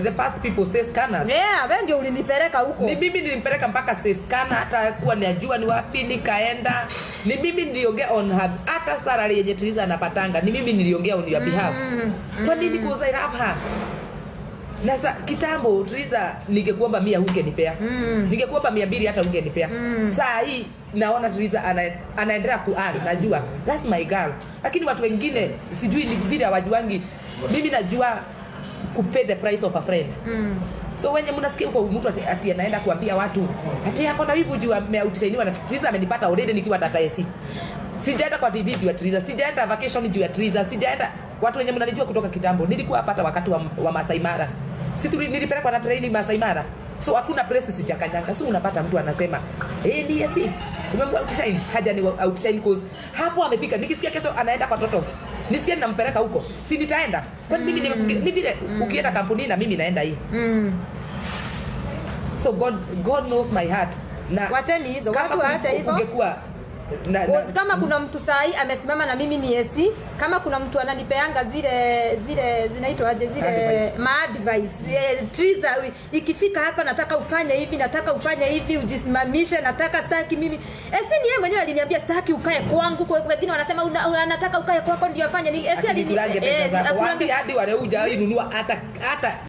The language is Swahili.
the first people stay scanners. Yeah, wewe ndio ulinipeleka huko. Ni mimi nilimpeleka mpaka stay scanner hata kuwa ni ajua ni wapi nikaenda. Ni mimi niliongea on her hata salary yenye na patanga Ni mimi niliongea on your mm, behalf. Mm, mm. Kwa nini cause I love her? Na sa, kitambo Triza ningekuomba mia hungenipea. Mm. Ningekuomba mia mbili hata hungenipea. Mm. Saa hii naona Triza ana, anaendelea najua that's my girl. Lakini watu wengine sijui ni vile hawajuangi. Mimi najua kupay the price of a friend mm. So wenye mnasikia huko mtu ati anaenda kuambia watu ati yako na wivu juu ameutishaniwa na Triza amenipata already nikiwa dada yesi. Sijaenda kwa TV juu ya Triza, sijaenda vacation juu ya Triza, sijaenda watu wenye mnalijua kutoka kitambo. Nilikuwa hapa wakati wa, wa Masai Mara. Si tuli nilipelekwa na training Masai Mara. So hakuna press sijakanyanga. So unapata mtu anasema, "Eh, ni yesi. Umemwa outshined." Haja ni outshine cause hapo amefika Nikisikia kesho anaenda kwa Totos nisikie nampeleka huko si nitaenda kwani mimi mm. ni vile mm. ukienda kampuni na mimi naenda hii mm. so god god knows my heart na wacheni hizo watu hata hivyo ungekuwa na, na, kama kuna mtu sahi amesimama na mimi ni esi, kama kuna mtu ananipeanga zile zile zinaitwaje zile maadvice yeah, Triza, ikifika hapa nataka ufanye hivi, nataka ufanye hivi, ujisimamishe, nataka staki mimi esi. Ni yeye mwenyewe aliniambia staki ukae kwangu, kwa wengine wanasema una, ukae kwako ndio afanye ni esi alini eh, hadi wale uja nunua hata hata